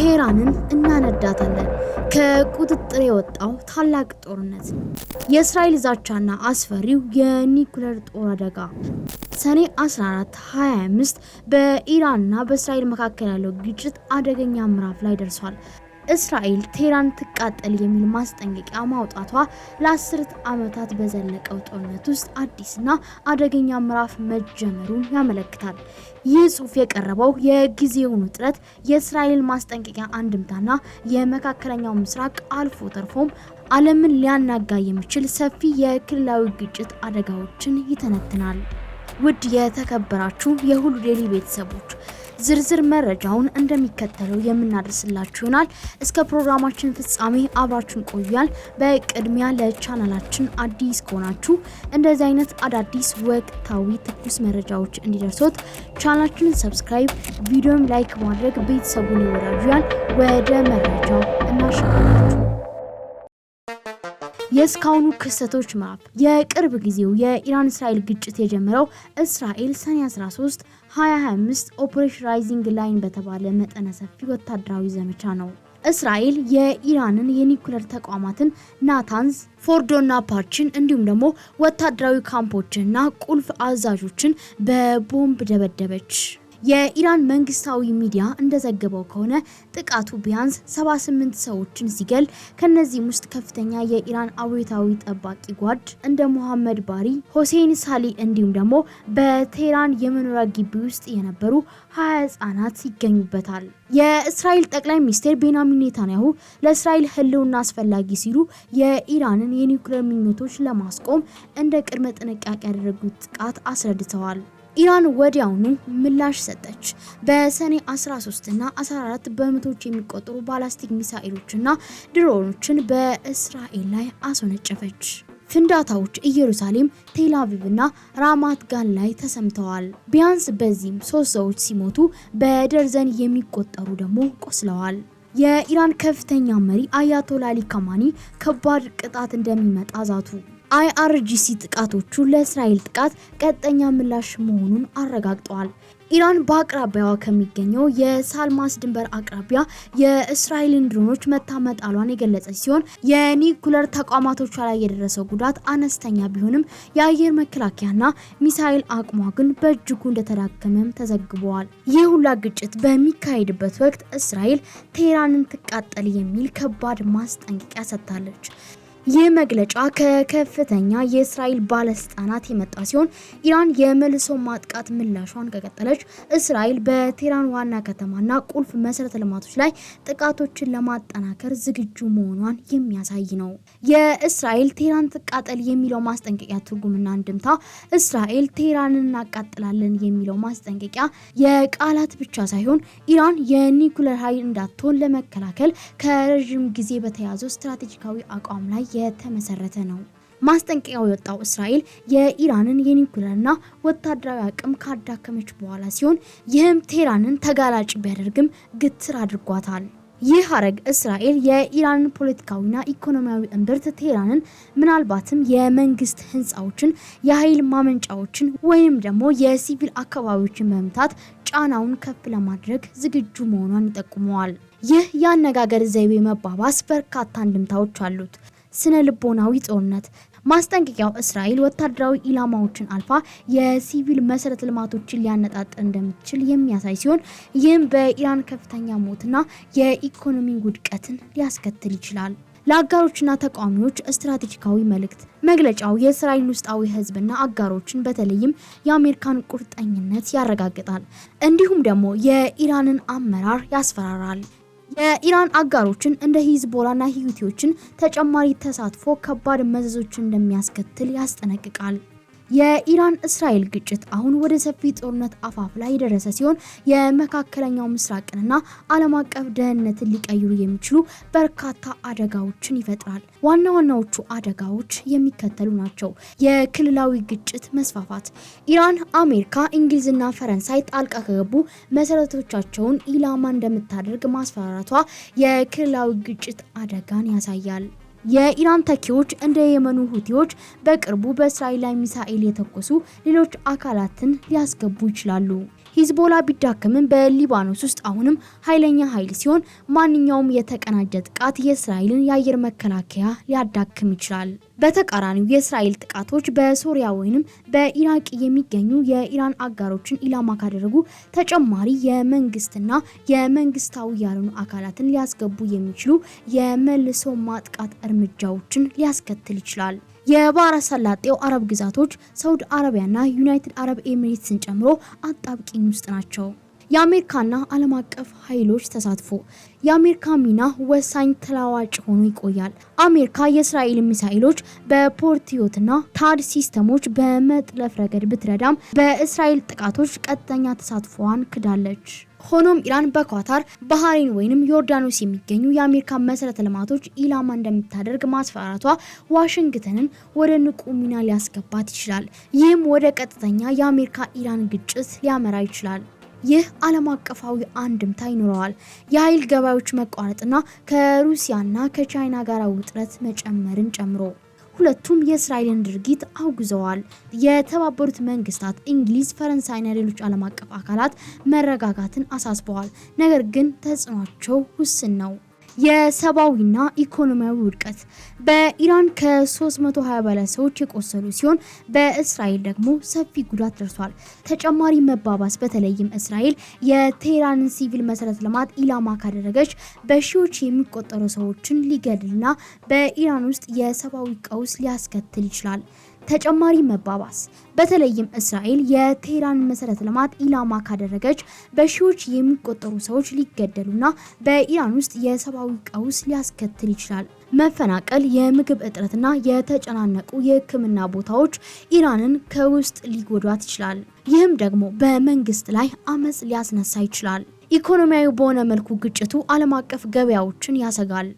ቴህራንን እናነዳታለን። ከቁጥጥር የወጣው ታላቅ ጦርነት፣ የእስራኤል ዛቻና አስፈሪው የኒኩለር ጦር አደጋ። ሰኔ 14 25 በኢራንና በእስራኤል መካከል ያለው ግጭት አደገኛ ምዕራፍ ላይ ደርሷል። እስራኤል ቴህራን ትቃጠል የሚል ማስጠንቀቂያ ማውጣቷ ለአስርት ዓመታት በዘለቀው ጦርነት ውስጥ አዲስና አደገኛ ምዕራፍ መጀመሩን ያመለክታል። ይህ ጽሑፍ የቀረበው የጊዜውን ውጥረት፣ የእስራኤል ማስጠንቀቂያ አንድምታና የመካከለኛው ምስራቅ አልፎ ተርፎም ዓለምን ሊያናጋ የሚችል ሰፊ የክልላዊ ግጭት አደጋዎችን ይተነትናል። ውድ የተከበራችሁ የሁሉ ዴይሊ ቤተሰቦች ዝርዝር መረጃውን እንደሚከተለው የምናደርስላችሁ ይሆናል። እስከ ፕሮግራማችን ፍጻሜ አብራችን ቆያል። በቅድሚያ ለቻናላችን አዲስ ከሆናችሁ እንደዚህ አይነት አዳዲስ ወቅታዊ ትኩስ መረጃዎች እንዲደርሶት ቻናላችንን ሰብስክራይብ፣ ቪዲዮም ላይክ ማድረግ ቤተሰቡን ይወዳጁያል። ወደ መረጃው እናሸጋላችሁ። የእስካሁኑ ክስተቶች ማፕ የቅርብ ጊዜው የኢራን እስራኤል ግጭት የጀመረው እስራኤል ሰኔ 13 2025 ኦፕሬሽን ራይዚንግ ላይን በተባለ መጠነ ሰፊ ወታደራዊ ዘመቻ ነው። እስራኤል የኢራንን የኒኩለር ተቋማትን ናታንዝ፣ ፎርዶና ፓርችን እንዲሁም ደግሞ ወታደራዊ ካምፖችንና ቁልፍ አዛዦችን በቦምብ ደበደበች። የኢራን መንግስታዊ ሚዲያ እንደዘገበው ከሆነ ጥቃቱ ቢያንስ 78 ሰዎችን ሲገል ከነዚህም ውስጥ ከፍተኛ የኢራን አብዮታዊ ጠባቂ ጓድ እንደ ሙሐመድ ባሪ፣ ሆሴን ሳሊ እንዲሁም ደግሞ በቴህራን የመኖሪያ ግቢ ውስጥ የነበሩ ሀያ ህጻናት ይገኙበታል። የእስራኤል ጠቅላይ ሚኒስትር ቤንያሚን ኔታንያሁ ለእስራኤል ህልውና አስፈላጊ ሲሉ የኢራንን የኒውክሌር ምኞቶች ለማስቆም እንደ ቅድመ ጥንቃቄ ያደረጉት ጥቃት አስረድተዋል። ኢራን ወዲያውኑ ምላሽ ሰጠች። በሰኔ 13ና 14 በመቶዎች የሚቆጠሩ ባላስቲክ ሚሳኤሎችና ድሮኖችን በእስራኤል ላይ አስወነጨፈች። ፍንዳታዎች ኢየሩሳሌም፣ ቴላቪቭ እና ራማት ጋን ላይ ተሰምተዋል። ቢያንስ በዚህም ሶስት ሰዎች ሲሞቱ በደርዘን የሚቆጠሩ ደግሞ ቆስለዋል። የኢራን ከፍተኛ መሪ አያቶላሊ ካማኒ ከባድ ቅጣት እንደሚመጣ ዛቱ። አይአርጂሲ ጥቃቶቹ ለእስራኤል ጥቃት ቀጥተኛ ምላሽ መሆኑን አረጋግጠዋል። ኢራን በአቅራቢያዋ ከሚገኘው የሳልማስ ድንበር አቅራቢያ የእስራኤልን ድሮኖች መታ መጣሏን የገለጸች ሲሆን የኒኩለር ተቋማቶቿ ላይ የደረሰው ጉዳት አነስተኛ ቢሆንም የአየር መከላከያና ሚሳኤል አቅሟ ግን በእጅጉ እንደተዳከመም ተዘግበዋል። ይህ ሁላ ግጭት በሚካሄድበት ወቅት እስራኤል ቴህራንን ትቃጠል የሚል ከባድ ማስጠንቀቂያ ሰጥታለች። ይህ መግለጫ ከከፍተኛ የእስራኤል ባለስልጣናት የመጣ ሲሆን ኢራን የመልሶ ማጥቃት ምላሿን ከቀጠለች እስራኤል በቴህራን ዋና ከተማና ቁልፍ መሰረተ ልማቶች ላይ ጥቃቶችን ለማጠናከር ዝግጁ መሆኗን የሚያሳይ ነው። የእስራኤል ቴህራን ትቃጠል የሚለው ማስጠንቀቂያ ትርጉምና እንድምታ እስራኤል ቴህራንን እናቃጥላለን የሚለው ማስጠንቀቂያ የቃላት ብቻ ሳይሆን ኢራን የኒኩለር ኃይል እንዳትሆን ለመከላከል ከረዥም ጊዜ በተያዘው ስትራቴጂካዊ አቋም ላይ የተመሰረተ ነው። ማስጠንቀቂያው የወጣው እስራኤል የኢራንን የኒውክሌርና ወታደራዊ አቅም ካዳከመች በኋላ ሲሆን ይህም ቴህራንን ተጋላጭ ቢያደርግም ግትር አድርጓታል። ይህ ሀረግ እስራኤል የኢራንን ፖለቲካዊና ኢኮኖሚያዊ እምብርት ቴህራንን ምናልባትም የመንግስት ህንፃዎችን፣ የኃይል ማመንጫዎችን ወይም ደግሞ የሲቪል አካባቢዎችን መምታት ጫናውን ከፍ ለማድረግ ዝግጁ መሆኗን ይጠቁመዋል። ይህ የአነጋገር ዘይቤ መባባስ በርካታ አንድምታዎች አሉት። ስነ ልቦናዊ ጦርነት ማስጠንቀቂያው እስራኤል ወታደራዊ ኢላማዎችን አልፋ የሲቪል መሰረተ ልማቶችን ሊያነጣጥር እንደምችል የሚያሳይ ሲሆን ይህም በኢራን ከፍተኛ ሞትና የኢኮኖሚ ውድቀትን ሊያስከትል ይችላል። ለአጋሮችና ተቃዋሚዎች ስትራቴጂካዊ መልእክት መግለጫው የእስራኤል ውስጣዊ ህዝብና አጋሮችን በተለይም የአሜሪካን ቁርጠኝነት ያረጋግጣል። እንዲሁም ደግሞ የኢራንን አመራር ያስፈራራል። የኢራን አጋሮችን እንደ ሂዝቦላና ሁቲዎችን ተጨማሪ ተሳትፎ ከባድ መዘዞችን እንደሚያስከትል ያስጠነቅቃል። የኢራን እስራኤል ግጭት አሁን ወደ ሰፊ ጦርነት አፋፍ ላይ የደረሰ ሲሆን የመካከለኛው ምስራቅንና ዓለም አቀፍ ደህንነትን ሊቀይሩ የሚችሉ በርካታ አደጋዎችን ይፈጥራል። ዋና ዋናዎቹ አደጋዎች የሚከተሉ ናቸው። የክልላዊ ግጭት መስፋፋት፣ ኢራን፣ አሜሪካ፣ እንግሊዝና ፈረንሳይ ጣልቃ ከገቡ መሰረቶቻቸውን ኢላማ እንደምታደርግ ማስፈራራቷ የክልላዊ ግጭት አደጋን ያሳያል። የኢራን ተኪዎች እንደ የመኑ ሁቲዎች በቅርቡ በእስራኤል ላይ ሚሳኤል የተኮሱ ሌሎች አካላትን ሊያስገቡ ይችላሉ። ሂዝቦላ ቢዳክምም በሊባኖስ ውስጥ አሁንም ኃይለኛ ኃይል ሲሆን ማንኛውም የተቀናጀ ጥቃት የእስራኤልን የአየር መከላከያ ሊያዳክም ይችላል። በተቃራኒው የእስራኤል ጥቃቶች በሶሪያ ወይም በኢራቅ የሚገኙ የኢራን አጋሮችን ኢላማ ካደረጉ ተጨማሪ የመንግስትና የመንግስታዊ ያልሆኑ አካላትን ሊያስገቡ የሚችሉ የመልሶ ማጥቃት እርምጃዎችን ሊያስከትል ይችላል። የባህረ ሰላጤው አረብ ግዛቶች ሳውዲ አረቢያና ዩናይትድ አረብ ኤሚሬትስን ጨምሮ አጣብቂኝ ውስጥ ናቸው። የአሜሪካና ዓለም አቀፍ ኃይሎች ተሳትፎ የአሜሪካ ሚና ወሳኝ ተለዋጭ ሆኖ ይቆያል። አሜሪካ የእስራኤል ሚሳኤሎች በፖርትዮትና ታድ ሲስተሞች በመጥለፍ ረገድ ብትረዳም በእስራኤል ጥቃቶች ቀጥተኛ ተሳትፎዋን ክዳለች። ሆኖም ኢራን በኳታር ባህሬን ወይም ዮርዳኖስ የሚገኙ የአሜሪካ መሰረተ ልማቶች ኢላማ እንደምታደርግ ማስፈራቷ ዋሽንግተንን ወደ ንቁ ሚና ሊያስገባት ይችላል። ይህም ወደ ቀጥተኛ የአሜሪካ ኢራን ግጭት ሊያመራ ይችላል። ይህ ዓለም አቀፋዊ አንድምታ ይኖረዋል። የኃይል ገበያዎች መቋረጥና ከሩሲያና ከቻይና ጋር ውጥረት መጨመርን ጨምሮ ሁለቱም የእስራኤልን ድርጊት አውግዘዋል። የተባበሩት መንግስታት፣ እንግሊዝ፣ ፈረንሳይና ሌሎች ዓለም አቀፍ አካላት መረጋጋትን አሳስበዋል። ነገር ግን ተጽዕኗቸው ውስን ነው። የሰብአዊና ኢኮኖሚያዊ ውድቀት በኢራን ከ320 በላይ ሰዎች የቆሰሉ ሲሆን በእስራኤል ደግሞ ሰፊ ጉዳት ደርሷል። ተጨማሪ መባባስ በተለይም እስራኤል የቴህራንን ሲቪል መሰረተ ልማት ኢላማ ካደረገች በሺዎች የሚቆጠሩ ሰዎችን ሊገድልና በኢራን ውስጥ የሰብአዊ ቀውስ ሊያስከትል ይችላል። ተጨማሪ መባባስ በተለይም እስራኤል የቴህራን መሰረተ ልማት ኢላማ ካደረገች በሺዎች የሚቆጠሩ ሰዎች ሊገደሉና በኢራን ውስጥ የሰብአዊ ቀውስ ሊያስከትል ይችላል። መፈናቀል፣ የምግብ እጥረትና የተጨናነቁ የሕክምና ቦታዎች ኢራንን ከውስጥ ሊጎዷት ይችላል። ይህም ደግሞ በመንግስት ላይ አመፅ ሊያስነሳ ይችላል። ኢኮኖሚያዊ በሆነ መልኩ ግጭቱ ዓለም አቀፍ ገበያዎችን ያሰጋል።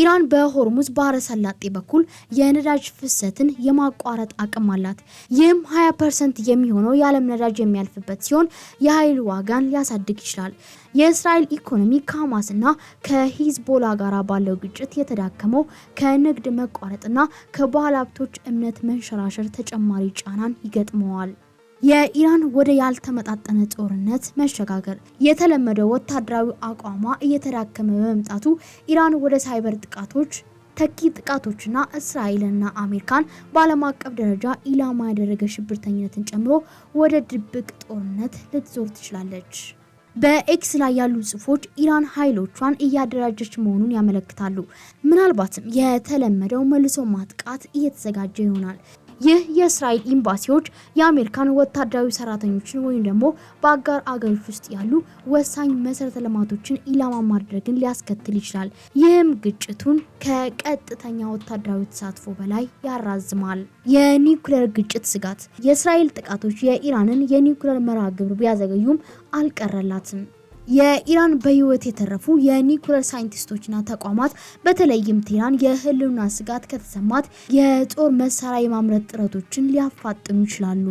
ኢራን በሆርሙዝ ባህረ ሰላጤ በኩል የነዳጅ ፍሰትን የማቋረጥ አቅም አላት። ይህም 20 ፐርሰንት የሚሆነው የዓለም ነዳጅ የሚያልፍበት ሲሆን የኃይል ዋጋን ሊያሳድግ ይችላል። የእስራኤል ኢኮኖሚ ከሐማስና ከሂዝቦላ ጋር ባለው ግጭት የተዳከመው ከንግድ መቋረጥና ከባለ ሀብቶች እምነት መንሸራሸር ተጨማሪ ጫናን ይገጥመዋል። የኢራን ወደ ያልተመጣጠነ ጦርነት መሸጋገር የተለመደው ወታደራዊ አቋሟ እየተዳከመ በመምጣቱ ኢራን ወደ ሳይበር ጥቃቶች ተኪ ጥቃቶችና እስራኤልና አሜሪካን በዓለም አቀፍ ደረጃ ኢላማ ያደረገ ሽብርተኝነትን ጨምሮ ወደ ድብቅ ጦርነት ልትዞር ትችላለች። በኤክስ ላይ ያሉ ጽሁፎች ኢራን ኃይሎቿን እያደራጀች መሆኑን ያመለክታሉ። ምናልባትም የተለመደው መልሶ ማጥቃት እየተዘጋጀ ይሆናል። ይህ የእስራኤል ኤምባሲዎች የአሜሪካን ወታደራዊ ሰራተኞችን ወይም ደግሞ በአጋር አገሮች ውስጥ ያሉ ወሳኝ መሰረተ ልማቶችን ኢላማ ማድረግን ሊያስከትል ይችላል። ይህም ግጭቱን ከቀጥተኛ ወታደራዊ ተሳትፎ በላይ ያራዝማል። የኒውክሌር ግጭት ስጋት የእስራኤል ጥቃቶች የኢራንን የኒውክሌር መርሃ ግብር ቢያዘገዩም አልቀረላትም። የኢራን በህይወት የተረፉ የኒኩለር ሳይንቲስቶችና ተቋማት በተለይም ቴህራን የህልውና ስጋት ከተሰማት የጦር መሳሪያ የማምረት ጥረቶችን ሊያፋጥኑ ይችላሉ።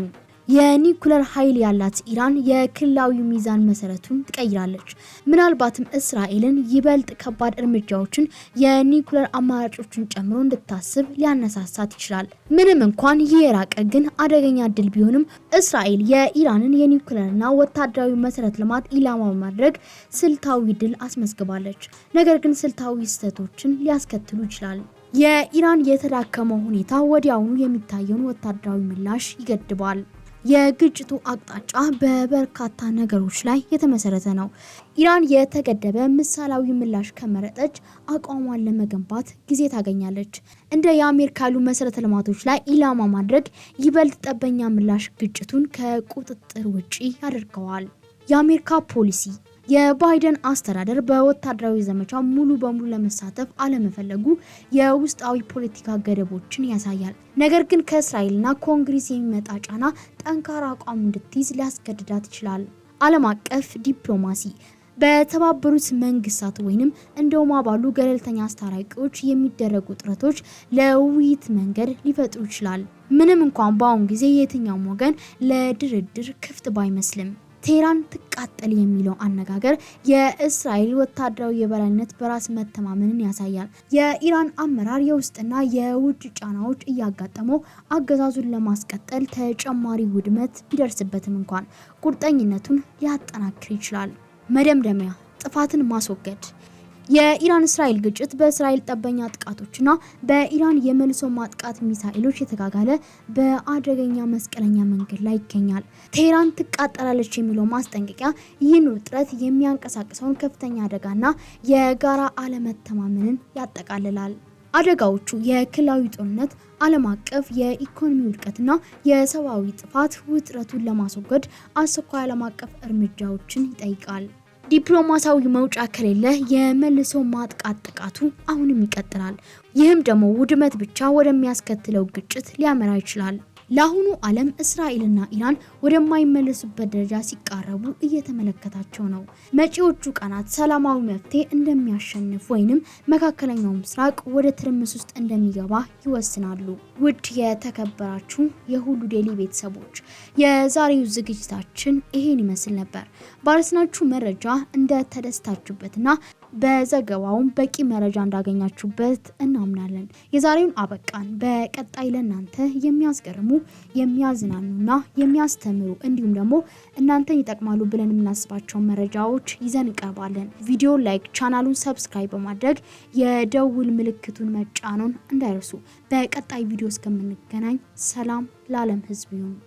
የኒኩለር ኃይል ያላት ኢራን የክልላዊ ሚዛን መሰረቱን ትቀይራለች። ምናልባትም እስራኤልን ይበልጥ ከባድ እርምጃዎችን የኒኩለር አማራጮችን ጨምሮ እንድታስብ ሊያነሳሳት ይችላል። ምንም እንኳን ይህ የራቀ ግን አደገኛ እድል ቢሆንም እስራኤል የኢራንን የኒኩለርና ወታደራዊ መሰረት ልማት ኢላማ በማድረግ ስልታዊ ድል አስመዝግባለች። ነገር ግን ስልታዊ ስህተቶችን ሊያስከትሉ ይችላል። የኢራን የተዳከመው ሁኔታ ወዲያውኑ የሚታየውን ወታደራዊ ምላሽ ይገድባል። የግጭቱ አቅጣጫ በበርካታ ነገሮች ላይ የተመሰረተ ነው። ኢራን የተገደበ ምሳሌያዊ ምላሽ ከመረጠች አቋሟን ለመገንባት ጊዜ ታገኛለች። እንደ የአሜሪካ ያሉ መሰረተ ልማቶች ላይ ኢላማ ማድረግ ይበልጥ ጠበኛ ምላሽ ግጭቱን ከቁጥጥር ውጪ ያደርገዋል። የአሜሪካ ፖሊሲ የባይደን አስተዳደር በወታደራዊ ዘመቻ ሙሉ በሙሉ ለመሳተፍ አለመፈለጉ የውስጣዊ ፖለቲካ ገደቦችን ያሳያል። ነገር ግን ከእስራኤልና ኮንግሬስ የሚመጣ ጫና ጠንካራ አቋም እንድትይዝ ሊያስገድዳት ይችላል። ዓለም አቀፍ ዲፕሎማሲ በተባበሩት መንግስታት ወይንም እንደውም ባሉ ገለልተኛ አስታራቂዎች የሚደረጉ ጥረቶች ለውይይት መንገድ ሊፈጥሩ ይችላል፣ ምንም እንኳን በአሁኑ ጊዜ የትኛውም ወገን ለድርድር ክፍት ባይመስልም። ቴህራን ትቃጠል የሚለው አነጋገር የእስራኤል ወታደራዊ የበላይነት በራስ መተማመንን ያሳያል። የኢራን አመራር የውስጥና የውጭ ጫናዎች እያጋጠመው አገዛዙን ለማስቀጠል ተጨማሪ ውድመት ቢደርስበትም እንኳን ቁርጠኝነቱን ሊያጠናክር ይችላል። መደምደሚያ ጥፋትን ማስወገድ የኢራን እስራኤል ግጭት በእስራኤል ጠበኛ ጥቃቶችና በኢራን የመልሶ ማጥቃት ሚሳኤሎች የተጋጋለ በአደገኛ መስቀለኛ መንገድ ላይ ይገኛል። ቴህራን ትቃጠላለች የሚለው ማስጠንቀቂያ ይህን ውጥረት የሚያንቀሳቅሰውን ከፍተኛ አደጋና የጋራ አለመተማመንን ያጠቃልላል። አደጋዎቹ የክልላዊ ጦርነት፣ ዓለም አቀፍ የኢኮኖሚ ውድቀትና የሰብአዊ ጥፋት ውጥረቱን ለማስወገድ አስቸኳይ ዓለም አቀፍ እርምጃዎችን ይጠይቃል። ዲፕሎማሲያዊ መውጫ ከሌለ የመልሶ ማጥቃት ጥቃቱ አሁንም ይቀጥላል። ይህም ደግሞ ውድመት ብቻ ወደሚያስከትለው ግጭት ሊያመራ ይችላል። ለአሁኑ ዓለም እስራኤልና ኢራን ወደማይመለሱበት ደረጃ ሲቃረቡ እየተመለከታቸው ነው። መጪዎቹ ቀናት ሰላማዊ መፍትሄ እንደሚያሸንፍ ወይንም መካከለኛው ምስራቅ ወደ ትርምስ ውስጥ እንደሚገባ ይወስናሉ። ውድ የተከበራችሁ የሁሉ ዴይሊ ቤተሰቦች የዛሬው ዝግጅታችን ይሄን ይመስል ነበር። ባረስናችሁ መረጃ እንደተደስታችሁበትና በዘገባውም በቂ መረጃ እንዳገኛችሁበት እናምናለን። የዛሬውን አበቃን። በቀጣይ ለእናንተ የሚያስገርሙ የሚያዝናኑና የሚያስተምሩ እንዲሁም ደግሞ እናንተን ይጠቅማሉ ብለን የምናስባቸውን መረጃዎች ይዘን እንቀርባለን። ቪዲዮ ላይክ፣ ቻናሉን ሰብስክራይብ በማድረግ የደውል ምልክቱን መጫኑን እንዳይረሱ። በቀጣይ ቪዲዮ እስከምንገናኝ ሰላም ለዓለም ሕዝብ ይሁን።